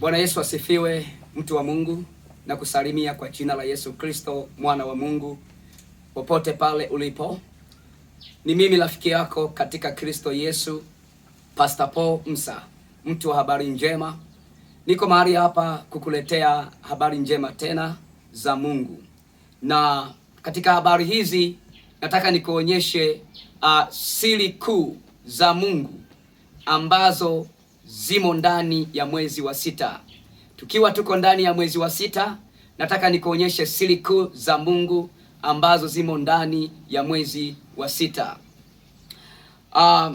Bwana Yesu asifiwe, mtu wa Mungu, na kusalimia kwa jina la Yesu Kristo mwana wa Mungu popote pale ulipo. Ni mimi rafiki yako katika Kristo Yesu, Pastor Paul Msa, mtu wa habari njema. Niko mahali hapa kukuletea habari njema tena za Mungu, na katika habari hizi nataka nikuonyeshe uh, siri kuu za Mungu ambazo zimo ndani ya mwezi wa sita. Tukiwa tuko ndani ya mwezi wa sita, nataka nikuonyeshe siri kuu za Mungu ambazo zimo ndani ya mwezi wa sita. Uh,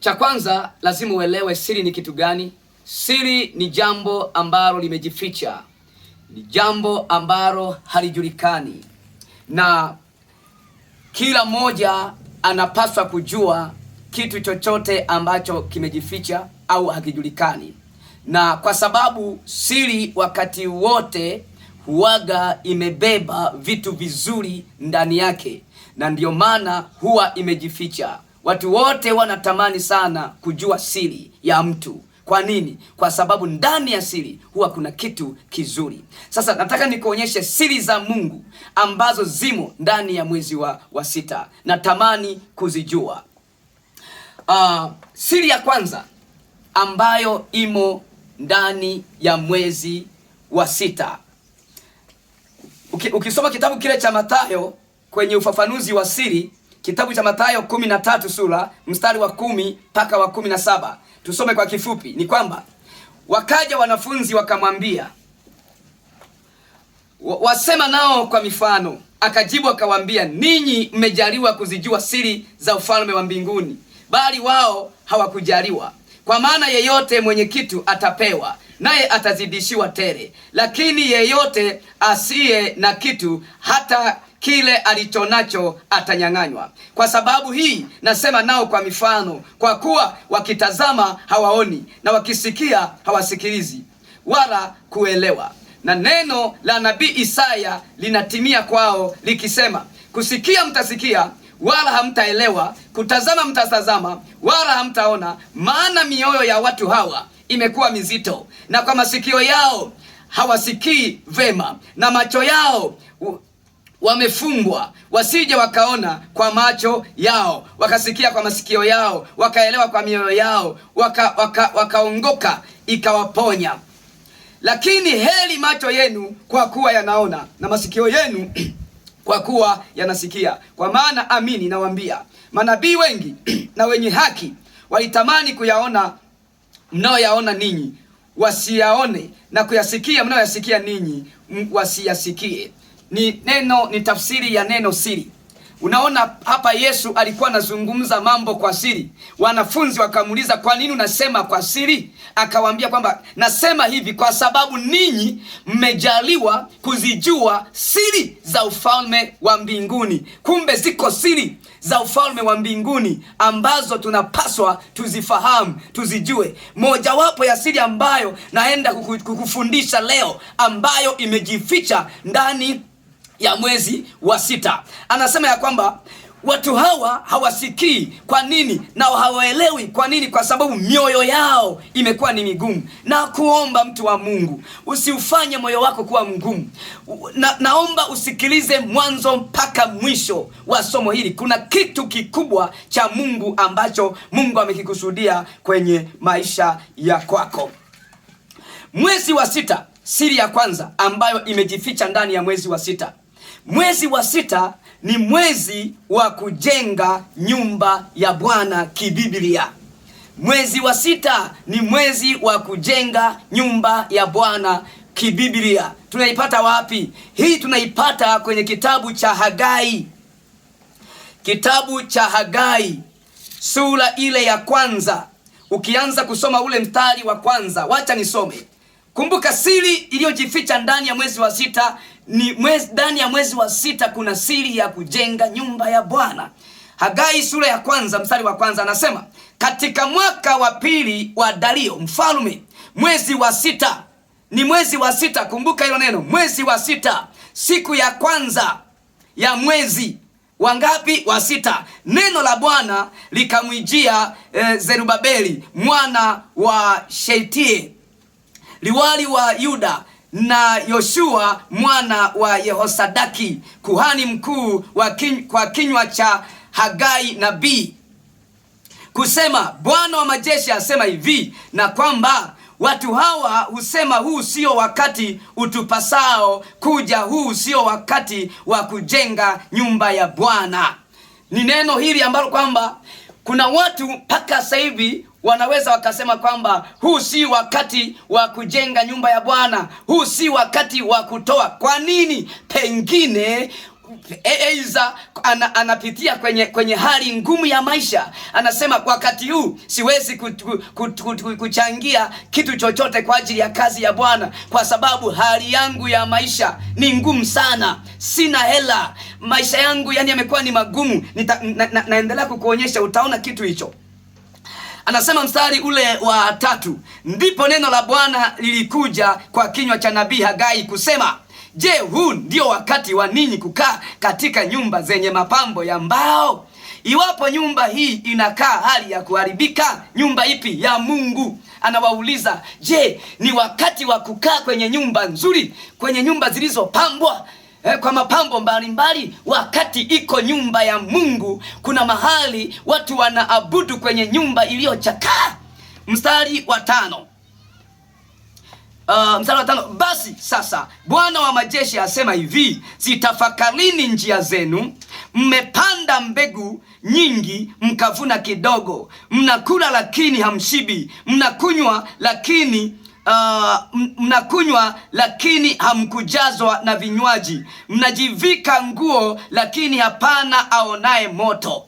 cha kwanza lazima uelewe siri ni kitu gani. Siri ni jambo ambalo limejificha, ni jambo ambalo halijulikani, na kila mmoja anapaswa kujua kitu chochote ambacho kimejificha au hakijulikani, na kwa sababu siri wakati wote huwaga imebeba vitu vizuri ndani yake, na ndiyo maana huwa imejificha. Watu wote wanatamani sana kujua siri ya mtu. Kwa nini? Kwa sababu ndani ya siri huwa kuna kitu kizuri. Sasa nataka nikuonyeshe siri za Mungu ambazo zimo ndani ya mwezi wa, wa sita. Natamani kuzijua. Uh, siri ya kwanza ambayo imo ndani ya mwezi wa sita. Ukisoma kitabu kile cha Mathayo kwenye ufafanuzi wa siri, kitabu cha Mathayo kumi na tatu sura mstari wa kumi mpaka wa kumi na saba tusome kwa kifupi. Ni kwamba wakaja wanafunzi wakamwambia, wasema nao kwa mifano. Akajibu akawaambia, ninyi mmejaliwa kuzijua siri za ufalme wa mbinguni, bali wao hawakujaliwa kwa maana yeyote mwenye kitu atapewa naye atazidishiwa tere lakini yeyote asiye na kitu hata kile alichonacho atanyang'anywa. Kwa sababu hii nasema nao kwa mifano, kwa kuwa wakitazama hawaoni, na wakisikia hawasikilizi wala kuelewa. Na neno la nabii Isaya linatimia kwao likisema, kusikia mtasikia wala hamtaelewa, kutazama mtatazama wala hamtaona, maana mioyo ya watu hawa imekuwa mizito, na kwa masikio yao hawasikii vema, na macho yao wamefungwa wasije wakaona kwa macho yao, wakasikia kwa masikio yao, wakaelewa kwa mioyo yao, wakaongoka waka, waka ikawaponya. Lakini heri macho yenu kwa kuwa yanaona na masikio yenu kwa kuwa yanasikia. Kwa maana amini nawaambia, manabii wengi na wenye haki walitamani kuyaona mnaoyaona ninyi wasiyaone, na kuyasikia mnayoyasikia ninyi wasiyasikie. Ni neno, ni tafsiri ya neno siri. Unaona hapa Yesu alikuwa anazungumza mambo kwa siri. Wanafunzi wakamuuliza, kwa nini unasema kwa siri? Akawaambia kwamba nasema hivi kwa sababu ninyi mmejaliwa kuzijua siri za ufalme wa mbinguni. Kumbe ziko siri za ufalme wa mbinguni ambazo tunapaswa tuzifahamu, tuzijue. Mojawapo ya siri ambayo naenda kukufundisha leo ambayo imejificha ndani ya mwezi wa sita. Anasema ya kwamba watu hawa hawasikii. Kwa nini? Na hawaelewi kwa nini? Kwa sababu mioyo yao imekuwa ni migumu. Na kuomba mtu wa Mungu, usiufanye moyo wako kuwa mgumu. Na, naomba usikilize mwanzo mpaka mwisho wa somo hili. Kuna kitu kikubwa cha Mungu ambacho Mungu amekikusudia kwenye maisha ya kwako. Mwezi wa sita, siri ya kwanza ambayo imejificha ndani ya mwezi wa sita Mwezi wa sita ni mwezi wa kujenga nyumba ya Bwana kibiblia. Mwezi wa sita ni mwezi wa kujenga nyumba ya Bwana kibiblia. Tunaipata wapi hii? Tunaipata kwenye kitabu cha Hagai, kitabu cha Hagai sura ile ya kwanza, ukianza kusoma ule mstari wa kwanza. Wacha nisome. Kumbuka siri iliyojificha ndani ya mwezi wa sita ni mwezi ndani ya mwezi wa sita kuna siri ya kujenga nyumba ya Bwana. Hagai sura ya kwanza mstari wa kwanza anasema, katika mwaka wa pili wa Dario mfalme, mwezi wa sita. Ni mwezi wa sita, kumbuka hilo neno, mwezi wa sita, siku ya kwanza ya mwezi wangapi? Wa sita. Neno la Bwana likamwijia e, Zerubabeli mwana wa shetie liwali wa Yuda na Yoshua mwana wa Yehosadaki kuhani mkuu wa kin, kwa kinywa cha Hagai nabii kusema, Bwana wa majeshi asema hivi, na kwamba watu hawa husema huu sio wakati utupasao kuja, huu sio wakati wa kujenga nyumba ya Bwana. Ni neno hili ambalo kwamba kuna watu mpaka sasa hivi Wanaweza wakasema kwamba huu si wakati wa kujenga nyumba ya Bwana, huu si wakati wa kutoa. Kwa nini? Pengine Eiza ana, anapitia kwenye kwenye hali ngumu ya maisha, anasema wakati huu siwezi kuchangia kitu chochote kwa ajili ya kazi ya Bwana kwa sababu hali yangu ya maisha ni ngumu sana, sina hela, maisha yangu yani yamekuwa ni magumu. Nita, na, na, naendelea kukuonyesha, utaona kitu hicho. Anasema mstari ule wa tatu, ndipo neno la Bwana lilikuja kwa kinywa cha nabii Hagai kusema, je, huu ndio wakati wa ninyi kukaa katika nyumba zenye mapambo ya mbao? Iwapo nyumba hii inakaa hali ya kuharibika, nyumba ipi ya Mungu? Anawauliza, je, ni wakati wa kukaa kwenye nyumba nzuri, kwenye nyumba zilizopambwa? eh, kwa mapambo mbalimbali mbali. Wakati iko nyumba ya Mungu, kuna mahali watu wanaabudu kwenye nyumba iliyochakaa. Mstari wa tano. Uh, mstari wa tano. Basi sasa Bwana wa majeshi asema hivi, zitafakarini njia zenu, mmepanda mbegu nyingi mkavuna kidogo, mnakula lakini hamshibi, mnakunywa lakini Ah, mnakunywa lakini hamkujazwa na vinywaji, mnajivika nguo lakini hapana aonaye moto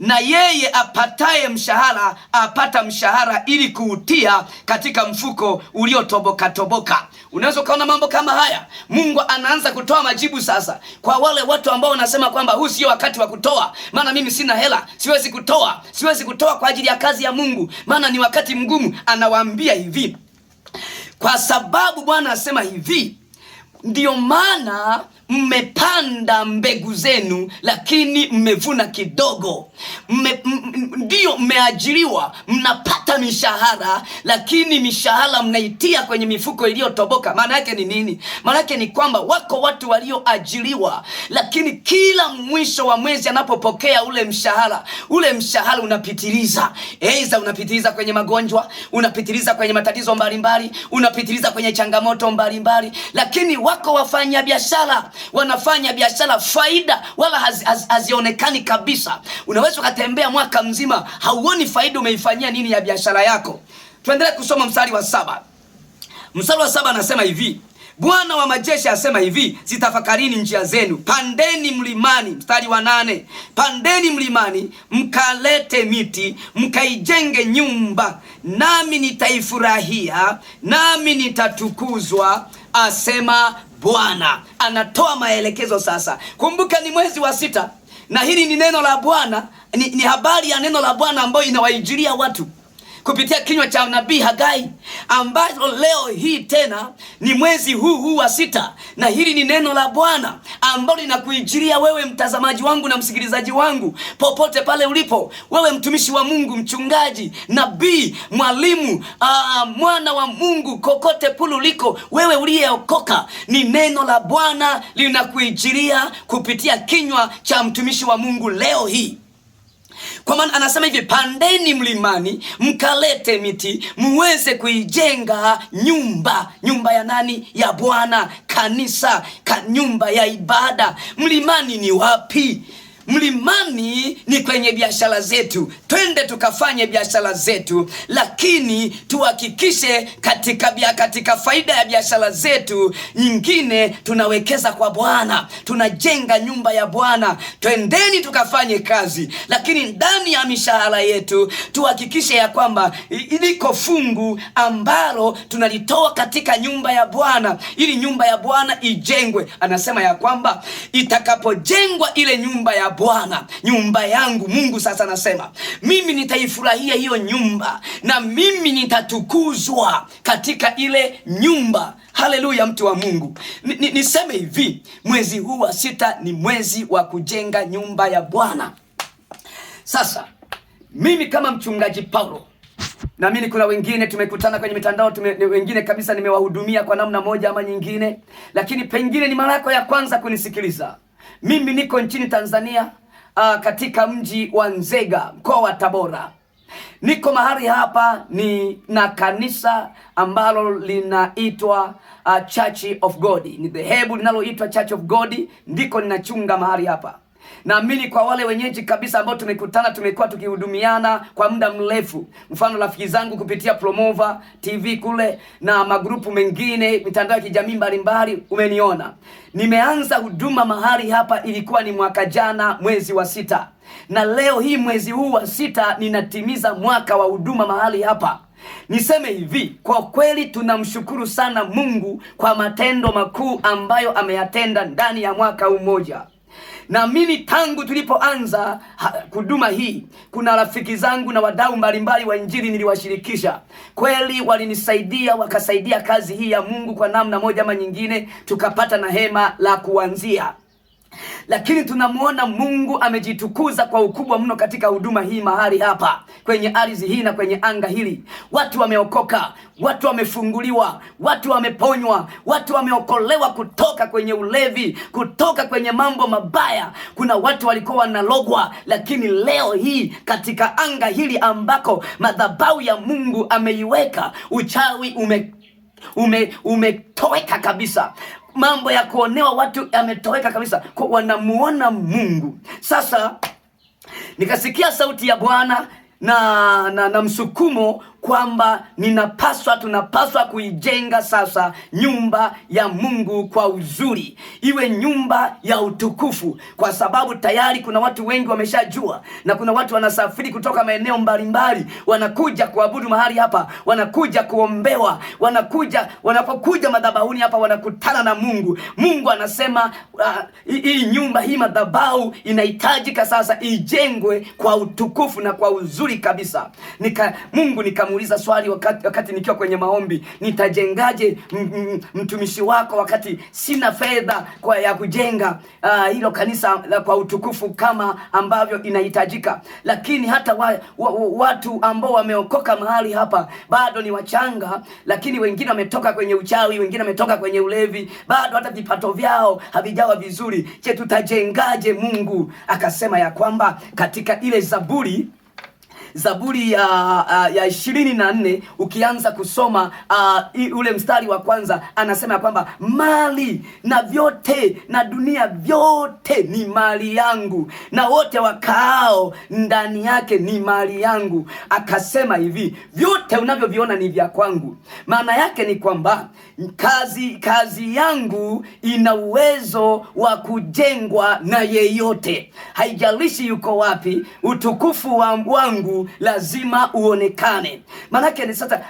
na yeye apataye mshahara apata mshahara ili kuutia katika mfuko uliotoboka toboka. Unaweza ukaona mambo kama haya. Mungu anaanza kutoa majibu sasa kwa wale watu ambao wanasema kwamba huu sio wakati wa kutoa, maana mimi sina hela, siwezi kutoa, siwezi kutoa kwa ajili ya kazi ya Mungu, maana ni wakati mgumu. Anawaambia hivi kwa sababu Bwana asema hivi, ndiyo maana mmepanda mbegu zenu, lakini mmevuna kidogo. ndio mmeajiriwa, mnapata mishahara, lakini mishahara mnaitia kwenye mifuko iliyotoboka. Maana yake ni nini? Maana yake ni kwamba wako watu walioajiriwa, lakini kila mwisho wa mwezi anapopokea ule mshahara, ule mshahara unapitiliza, eiza unapitiliza kwenye magonjwa, unapitiliza kwenye matatizo mbalimbali, unapitiliza kwenye changamoto mbalimbali, lakini wako wafanyabiashara wanafanya biashara, faida wala hazionekani haz, haz kabisa. Unaweza ukatembea mwaka mzima hauoni faida umeifanyia nini ya biashara yako. Tuendelee kusoma mstari wa saba. Mstari wa saba anasema hivi Bwana wa majeshi asema hivi, zitafakarini njia zenu, pandeni mlimani. Mstari wa nane, pandeni mlimani mkalete miti, mkaijenge nyumba, nami nitaifurahia, nami nitatukuzwa, asema Bwana anatoa maelekezo sasa. Kumbuka ni mwezi wa sita na hili ni neno la Bwana, ni, ni habari ya neno la Bwana ambayo inawaijiria watu kupitia kinywa cha nabii Hagai, ambazo leo hii tena ni mwezi huu huu wa sita, na hili ni neno la Bwana ambalo linakuijiria wewe mtazamaji wangu na msikilizaji wangu popote pale ulipo, wewe mtumishi wa Mungu, mchungaji, nabii, mwalimu, aa, mwana wa Mungu, kokote pulu liko wewe uliyeokoka, ni neno la Bwana linakuijiria kupitia kinywa cha mtumishi wa Mungu leo hii. Kwa maana anasema hivi, pandeni mlimani mkalete miti muweze kuijenga nyumba. Nyumba ya nani? Ya Bwana, kanisa, ka nyumba ya ibada. Mlimani ni wapi? Mlimani ni kwenye biashara zetu, twende tukafanye biashara zetu, lakini tuhakikishe katika, katika faida ya biashara zetu nyingine tunawekeza kwa Bwana, tunajenga nyumba ya Bwana. Twendeni tukafanye kazi, lakini ndani ya mishahara yetu tuhakikishe ya kwamba iliko fungu ambalo tunalitoa katika nyumba ya Bwana ili nyumba ya Bwana ijengwe. Anasema ya kwamba itakapojengwa ile nyumba ya Bwana, nyumba yangu. Mungu sasa anasema mimi nitaifurahia hiyo nyumba na mimi nitatukuzwa katika ile nyumba. Haleluya, mtu wa Mungu, niseme hivi, mwezi huu wa sita ni mwezi wa kujenga nyumba ya Bwana. Sasa mimi kama mchungaji Paulo naamini kuna wengine tumekutana kwenye mitandao tume, wengine kabisa nimewahudumia kwa namna moja ama nyingine, lakini pengine ni mara yako ya kwanza kunisikiliza. Mimi niko nchini Tanzania uh, katika mji wa Nzega mkoa wa Tabora. Niko mahali hapa ni na kanisa ambalo linaitwa uh, Church of God, ni dhehebu linaloitwa Church of God, ndiko ninachunga mahali hapa. Naamini kwa wale wenyeji kabisa ambao tumekutana, tumekuwa tukihudumiana kwa muda mrefu, mfano rafiki zangu kupitia Promova TV kule na magrupu mengine, mitandao ya kijamii mbalimbali, umeniona nimeanza huduma mahali hapa, ilikuwa ni mwaka jana mwezi wa sita, na leo hii mwezi huu wa sita ninatimiza mwaka wa huduma mahali hapa. Niseme hivi, kwa kweli tunamshukuru sana Mungu kwa matendo makuu ambayo ameyatenda ndani ya mwaka huu mmoja na mimi tangu tulipoanza huduma hii, kuna rafiki zangu na wadau mbalimbali wa Injili niliwashirikisha, kweli walinisaidia, wakasaidia kazi hii ya Mungu kwa namna moja ama nyingine, tukapata na hema la kuanzia lakini tunamwona Mungu amejitukuza kwa ukubwa mno katika huduma hii mahali hapa kwenye ardhi hii na kwenye anga hili. Watu wameokoka, watu wamefunguliwa, watu wameponywa, watu wameokolewa kutoka kwenye ulevi, kutoka kwenye mambo mabaya. Kuna watu walikuwa wanalogwa, lakini leo hii katika anga hili ambako madhabahu ya Mungu ameiweka, uchawi ume ume umetoweka kabisa mambo ya kuonewa watu yametoweka kabisa, kwa wanamuona Mungu. Sasa nikasikia sauti ya Bwana na, na, na msukumo kwamba ninapaswa, tunapaswa kuijenga sasa nyumba ya Mungu kwa uzuri, iwe nyumba ya utukufu, kwa sababu tayari kuna watu wengi wameshajua, na kuna watu wanasafiri kutoka maeneo mbalimbali, wanakuja kuabudu mahali hapa, wanakuja kuombewa, wanakuja, wanapokuja madhabahuni hapa wanakutana na Mungu. Mungu anasema hii ah, uh, nyumba hii madhabahu inahitajika sasa ijengwe kwa utukufu na kwa uzuri kabisa. Nika, Mungu nika nauliza swali wakati, wakati nikiwa kwenye maombi, nitajengaje mtumishi wako wakati sina fedha kwa ya kujenga uh, hilo kanisa la kwa utukufu kama ambavyo inahitajika. Lakini hata wa, wa, watu ambao wameokoka mahali hapa bado ni wachanga, lakini wengine wametoka kwenye uchawi, wengine wametoka kwenye ulevi, bado hata vipato vyao havijawa vizuri. Je, tutajengaje? Mungu akasema ya kwamba katika ile Zaburi Zaburi ya ah, ya ishirini na nne ukianza kusoma uh, ule mstari wa kwanza anasema kwamba mali na vyote na dunia vyote ni mali yangu na wote wakaao ndani yake ni mali yangu. Akasema hivi vyote unavyoviona ni vya kwangu. Maana yake ni kwamba kazi kazi yangu ina uwezo wa kujengwa na yeyote, haijalishi yuko wapi, utukufu wangu lazima uonekane. Maanake ni sasa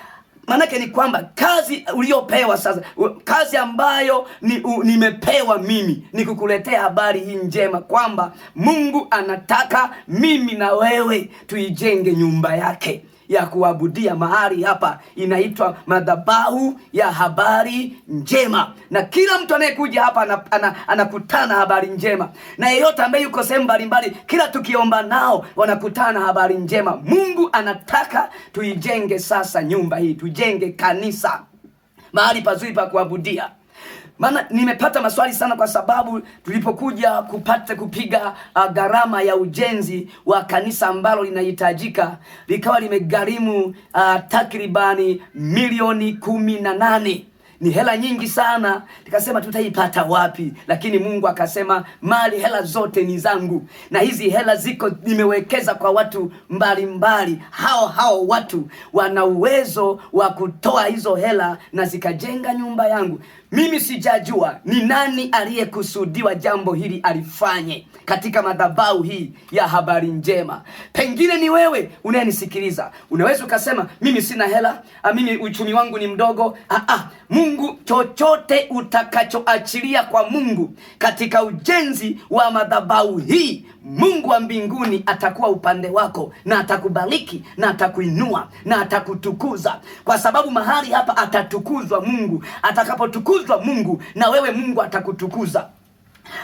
maanake ni kwamba kazi uliyopewa sasa, kazi ambayo ni, u, nimepewa mimi ni kukuletea habari hii njema kwamba Mungu anataka mimi na wewe tuijenge nyumba yake ya kuabudia mahali hapa inaitwa madhabahu ya habari njema, na kila mtu anayekuja hapa anakutana habari njema, na yeyote ambaye yuko sehemu mbalimbali, kila tukiomba nao wanakutana habari njema. Mungu anataka tuijenge sasa nyumba hii, tujenge kanisa mahali pazuri pa kuabudia. Maana nimepata maswali sana kwa sababu tulipokuja kupata kupiga uh, gharama ya ujenzi wa kanisa ambalo linahitajika likawa limegharimu uh, takribani milioni kumi na nane ni hela nyingi sana. Nikasema tutaipata wapi? Lakini Mungu akasema mali, hela zote ni zangu, na hizi hela ziko nimewekeza kwa watu mbalimbali. Hao hao watu wana uwezo wa kutoa hizo hela na zikajenga nyumba yangu. Mimi sijajua ni nani aliyekusudiwa jambo hili alifanye katika madhabahu hii ya habari njema. Pengine ni wewe unayenisikiliza, unaweza ukasema mimi sina hela, ah, mimi uchumi wangu ni mdogo. Aa, ah, ah, Mungu, chochote utakachoachilia kwa Mungu katika ujenzi wa madhabahu hii Mungu wa mbinguni atakuwa upande wako na atakubariki na atakuinua na atakutukuza, kwa sababu mahali hapa atatukuzwa Mungu. Atakapotukuzwa Mungu, na wewe Mungu atakutukuza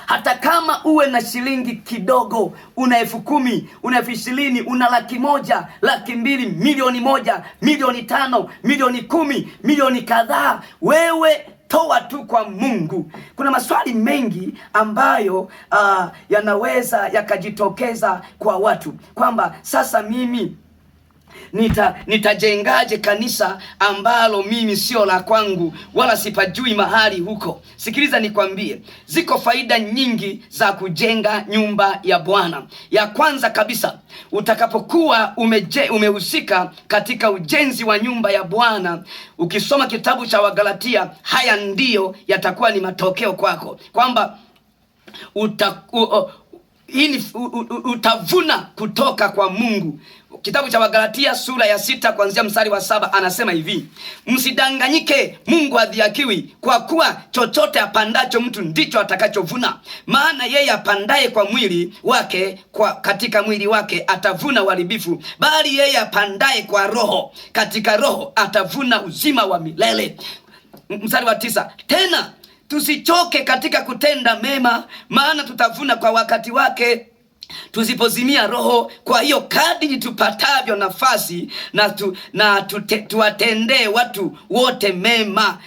hata kama uwe na shilingi kidogo, una elfu kumi, una elfu ishirini, una laki moja, laki mbili, milioni moja, milioni tano, milioni kumi, milioni kadhaa, wewe toa tu kwa Mungu. Kuna maswali mengi ambayo uh, yanaweza yakajitokeza kwa watu kwamba sasa mimi Nita nitajengaje kanisa ambalo mimi sio la kwangu wala sipajui mahali huko? Sikiliza nikwambie, ziko faida nyingi za kujenga nyumba ya Bwana. Ya kwanza kabisa, utakapokuwa umeje, umehusika katika ujenzi wa nyumba ya Bwana, ukisoma kitabu cha Wagalatia, haya ndiyo yatakuwa ni matokeo kwako kwamba uta, u, u, ili utavuna kutoka kwa Mungu. Kitabu cha Wagalatia sura ya sita kuanzia mstari wa saba anasema hivi, msidanganyike, Mungu hadhihakiwi, kwa kuwa chochote apandacho mtu ndicho atakachovuna. Maana yeye apandaye kwa mwili wake kwa katika mwili wake atavuna uharibifu, bali yeye apandaye kwa Roho katika Roho atavuna uzima wa milele. Mstari wa tisa tena Tusichoke katika kutenda mema, maana tutavuna kwa wakati wake tusipozimia roho. Kwa hiyo kadi tupatavyo nafasi na, tu, na tute, tuwatendee watu wote mema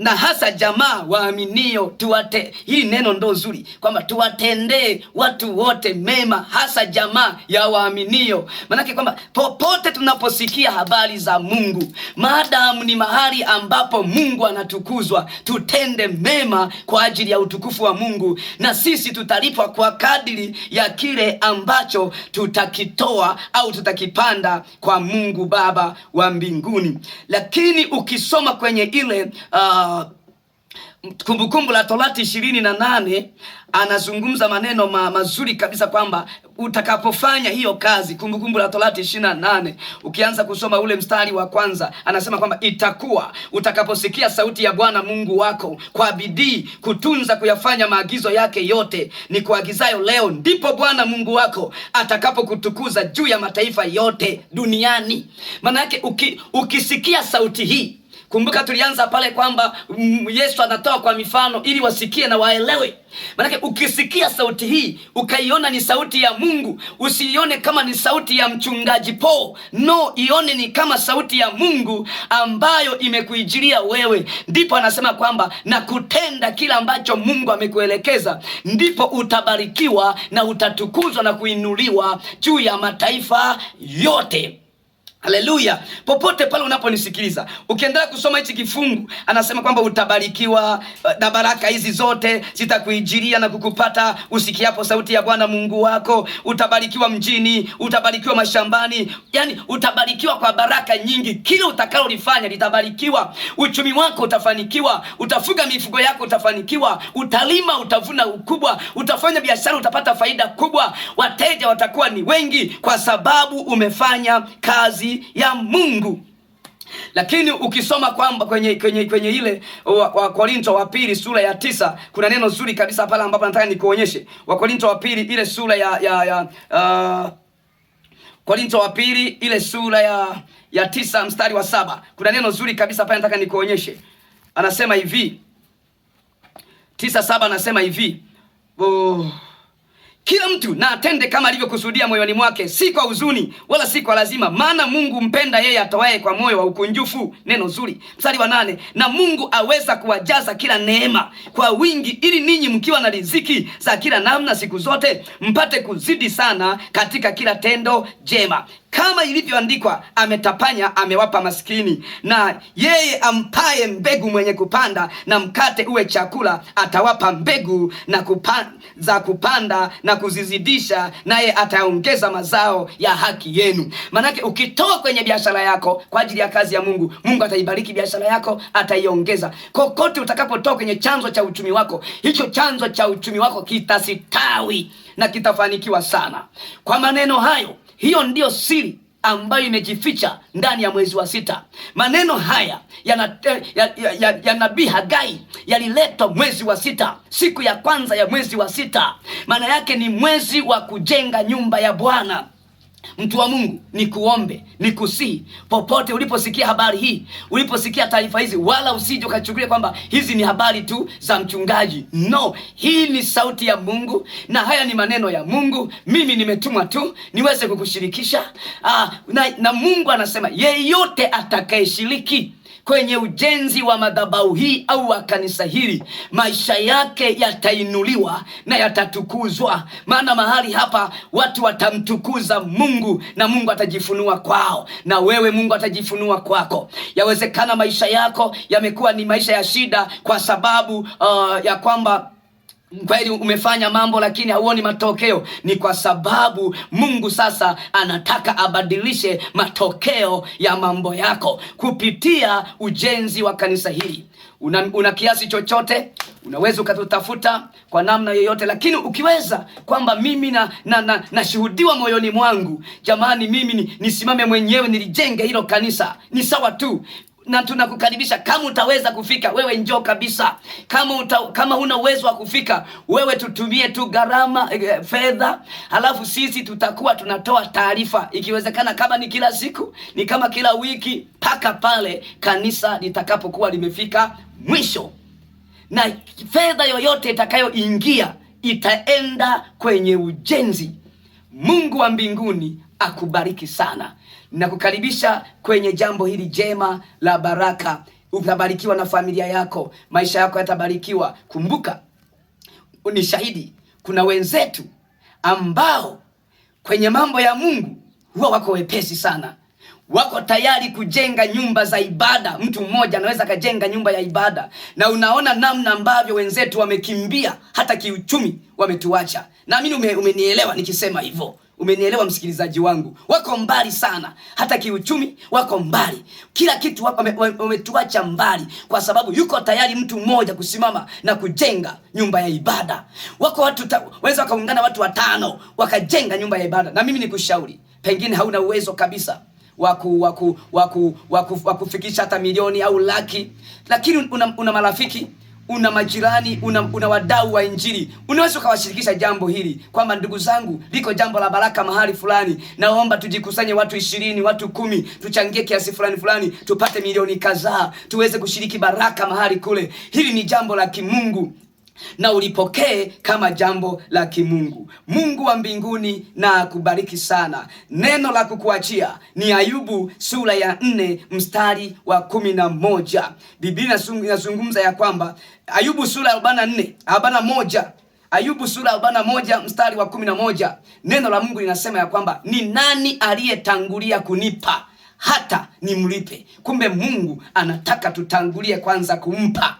na hasa jamaa waaminio tuwate, hili neno ndo zuri kwamba tuwatendee watu wote mema, hasa jamaa ya waaminio. Maanake kwamba popote tunaposikia habari za Mungu, maadamu ni mahali ambapo Mungu anatukuzwa, tutende mema kwa ajili ya utukufu wa Mungu, na sisi tutalipwa kwa kadiri ya kile ambacho tutakitoa au tutakipanda kwa Mungu Baba wa mbinguni. Lakini ukisoma kwenye ile uh, Kumbukumbu la Torati ishirini na nane anazungumza maneno ma, mazuri kabisa kwamba utakapofanya hiyo kazi. Kumbukumbu la Torati ishirini na nane ukianza kusoma ule mstari wa kwanza anasema kwamba itakuwa utakaposikia sauti ya Bwana Mungu wako kwa bidii kutunza kuyafanya maagizo yake yote ni kuagizayo leo, ndipo Bwana Mungu wako atakapokutukuza juu ya mataifa yote duniani. Maana yake uki, ukisikia sauti hii Kumbuka tulianza pale kwamba mm, Yesu anatoa kwa mifano ili wasikie na waelewe. Maanake ukisikia sauti hii ukaiona ni sauti ya Mungu, usiione kama ni sauti ya mchungaji po, no, ione ni kama sauti ya Mungu ambayo imekuijilia wewe. Ndipo anasema kwamba na kutenda kila ambacho Mungu amekuelekeza, ndipo utabarikiwa na utatukuzwa na kuinuliwa juu ya mataifa yote. Haleluya! Popote pale unaponisikiliza, ukiendelea kusoma hichi kifungu, anasema kwamba utabarikiwa eh, na baraka hizi zote zitakuijiria na kukupata usikiapo sauti ya Bwana Mungu wako. Utabarikiwa mjini, utabarikiwa mashambani, yani utabarikiwa kwa baraka nyingi. kila utakalolifanya litabarikiwa. Uchumi wako utafanikiwa, utafuga mifugo yako utafanikiwa, utalima utavuna ukubwa, utafanya biashara utapata faida kubwa, wateja watakuwa ni wengi, kwa sababu umefanya kazi ya Mungu. Lakini ukisoma kwamba kwenye kwenye kwenye ile oh, Wakorinto wa pili sura ya tisa kuna neno zuri kabisa pale ambapo nataka nikuonyeshe. Wakorinto wa pili ile sura ya ya, ya uh, Korinto wa pili ile sura ya ya tisa mstari wa saba kuna neno zuri kabisa pale nataka nikuonyeshe. Anasema hivi tisa saba anasema hivi oh. Kila mtu na atende kama alivyokusudia moyoni mwake, si kwa huzuni wala si kwa lazima, maana Mungu mpenda yeye atoaye kwa moyo wa ukunjufu neno zuri. Mstari wa nane, na Mungu aweza kuwajaza kila neema kwa wingi, ili ninyi mkiwa na riziki za kila namna siku zote mpate kuzidi sana katika kila tendo jema kama ilivyoandikwa, ametapanya amewapa maskini, na yeye ampaye mbegu mwenye kupanda na mkate uwe chakula, atawapa mbegu na kupa, za kupanda na kuzizidisha, naye ataongeza mazao ya haki yenu. Manake ukitoa kwenye biashara yako kwa ajili ya kazi ya Mungu, Mungu ataibariki biashara yako, ataiongeza. Kokote utakapotoa kwenye chanzo cha uchumi wako, hicho chanzo cha uchumi wako kitasitawi na kitafanikiwa sana. Kwa maneno hayo hiyo ndiyo siri ambayo imejificha ndani ya mwezi wa sita. Maneno haya eh, ya, ya, ya, ya nabii Hagai yaliletwa mwezi wa sita, siku ya kwanza ya mwezi wa sita. Maana yake ni mwezi wa kujenga nyumba ya Bwana. Mtu wa Mungu, nikuombe nikusihi, popote uliposikia habari hii, uliposikia taarifa hizi, wala usije ukachukulia kwamba hizi ni habari tu za mchungaji. No, hii ni sauti ya Mungu na haya ni maneno ya Mungu. Mimi nimetumwa tu niweze kukushirikisha. Aa, ah, na, na Mungu anasema yeyote atakayeshiriki kwenye ujenzi wa madhabahu hii au wa kanisa hili, maisha yake yatainuliwa na yatatukuzwa, maana mahali hapa watu watamtukuza Mungu na Mungu atajifunua kwao na wewe, Mungu atajifunua kwako. Yawezekana maisha yako yamekuwa ni maisha ya shida kwa sababu uh, ya kwamba kweli umefanya mambo lakini hauoni matokeo, ni kwa sababu Mungu sasa anataka abadilishe matokeo ya mambo yako kupitia ujenzi wa kanisa hili. Una, una kiasi chochote unaweza ukatutafuta kwa namna yoyote, lakini ukiweza kwamba mimi na, na, na, nashuhudiwa moyoni mwangu, jamani, mimi nisimame mwenyewe nilijenge hilo kanisa, ni sawa tu na tunakukaribisha. Kama utaweza kufika wewe, njoo kabisa. Kama uta, kama huna uwezo wa kufika wewe, tutumie tu gharama e, fedha, halafu sisi tutakuwa tunatoa taarifa, ikiwezekana kama ni kila siku, ni kama kila wiki, mpaka pale kanisa litakapokuwa limefika mwisho, na fedha yoyote itakayoingia itaenda kwenye ujenzi. Mungu wa mbinguni akubariki sana. Nakukaribisha kwenye jambo hili jema la baraka. Utabarikiwa na familia yako, maisha yako yatabarikiwa. Kumbuka ni shahidi, kuna wenzetu ambao kwenye mambo ya Mungu huwa wako wepesi sana, wako tayari kujenga nyumba za ibada. Mtu mmoja anaweza akajenga nyumba ya ibada, na unaona namna ambavyo wenzetu wamekimbia, hata kiuchumi wametuacha. Naamini ume, umenielewa nikisema hivyo Umenielewa msikilizaji wangu, wako mbali sana, hata kiuchumi wako mbali, kila kitu wametuacha mbali, kwa sababu yuko tayari mtu mmoja kusimama na kujenga nyumba ya ibada. Wako watu waweza wakaungana, watu watano wakajenga nyumba ya ibada. Na mimi nikushauri, pengine hauna uwezo kabisa waku waku waku wakufikisha hata milioni au laki, lakini una, una marafiki una majirani una, una wadau wa Injili, unaweza ukawashirikisha jambo hili kwamba ndugu zangu, liko jambo la baraka mahali fulani, naomba tujikusanye watu ishirini, watu kumi, tuchangie kiasi fulani fulani, tupate milioni kadhaa, tuweze kushiriki baraka mahali kule. Hili ni jambo la kimungu na ulipokee kama jambo la kimungu. Mungu wa mbinguni na akubariki sana. Neno la kukuachia ni Ayubu sura ya nne mstari wa kumi na moja. Biblia inazungumza ya kwamba Ayubu sura ya arobaini na nne arobaini na moja Ayubu sura arobaini na moja mstari wa kumi na moja neno la Mungu linasema ya kwamba ni nani aliyetangulia kunipa hata nimlipe? Kumbe Mungu anataka tutangulie kwanza kumpa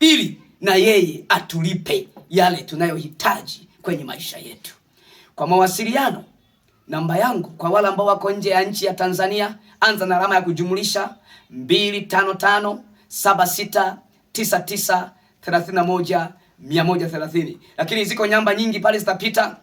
ili na yeye atulipe yale tunayohitaji kwenye maisha yetu. Kwa mawasiliano, namba yangu kwa wale ambao wako nje ya nchi ya Tanzania, anza na alama ya kujumlisha 255 76 31 130. Lakini ziko nyamba nyingi pale zitapita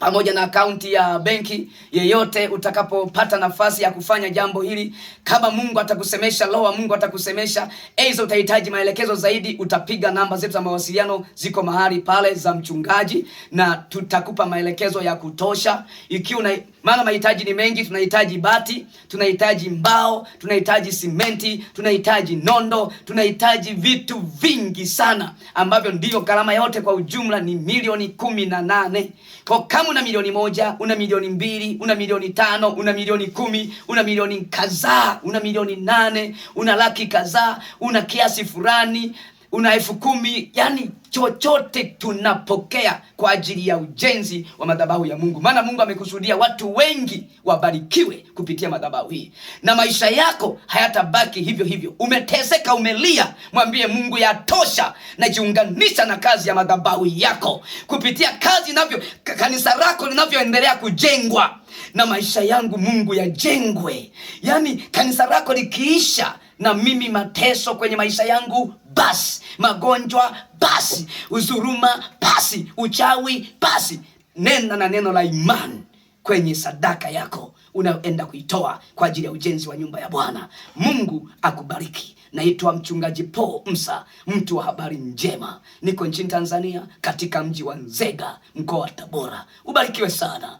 pamoja na akaunti ya benki yeyote. Utakapopata nafasi ya kufanya jambo hili, kama Mungu atakusemesha, roho wa Mungu atakusemesha, aidha utahitaji maelekezo zaidi, utapiga namba zetu za mawasiliano, ziko mahali pale za mchungaji, na tutakupa maelekezo ya kutosha ikiwa maana mahitaji ni mengi. Tunahitaji bati, tunahitaji mbao, tunahitaji simenti, tunahitaji nondo, tunahitaji vitu vingi sana ambavyo ndiyo gharama yote kwa ujumla ni milioni kumi na nane. Kwa kama una milioni moja, una milioni mbili, una milioni tano, una milioni kumi, una milioni kadhaa, una milioni nane, una laki kadhaa, una kiasi fulani una elfu kumi yani chochote tunapokea kwa ajili ya ujenzi wa madhabahu ya Mungu, maana Mungu amekusudia watu wengi wabarikiwe kupitia madhabahu hii, na maisha yako hayatabaki hivyo hivyo. Umeteseka, umelia, mwambie Mungu, yatosha, najiunganisha na kazi ya madhabahu yako. Kupitia kazi inavyo, kanisa lako linavyoendelea kujengwa, na maisha yangu Mungu yajengwe, yani kanisa lako likiisha na mimi mateso kwenye maisha yangu basi, magonjwa basi, uzuruma basi, uchawi basi. Nenda na neno la imani kwenye sadaka yako unayoenda kuitoa kwa ajili ya ujenzi wa nyumba ya Bwana. Mungu akubariki. Naitwa mchungaji Paul Msa, mtu wa habari njema. Niko nchini Tanzania, katika mji wa Nzega, mkoa wa Tabora. Ubarikiwe sana,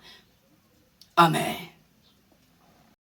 amen.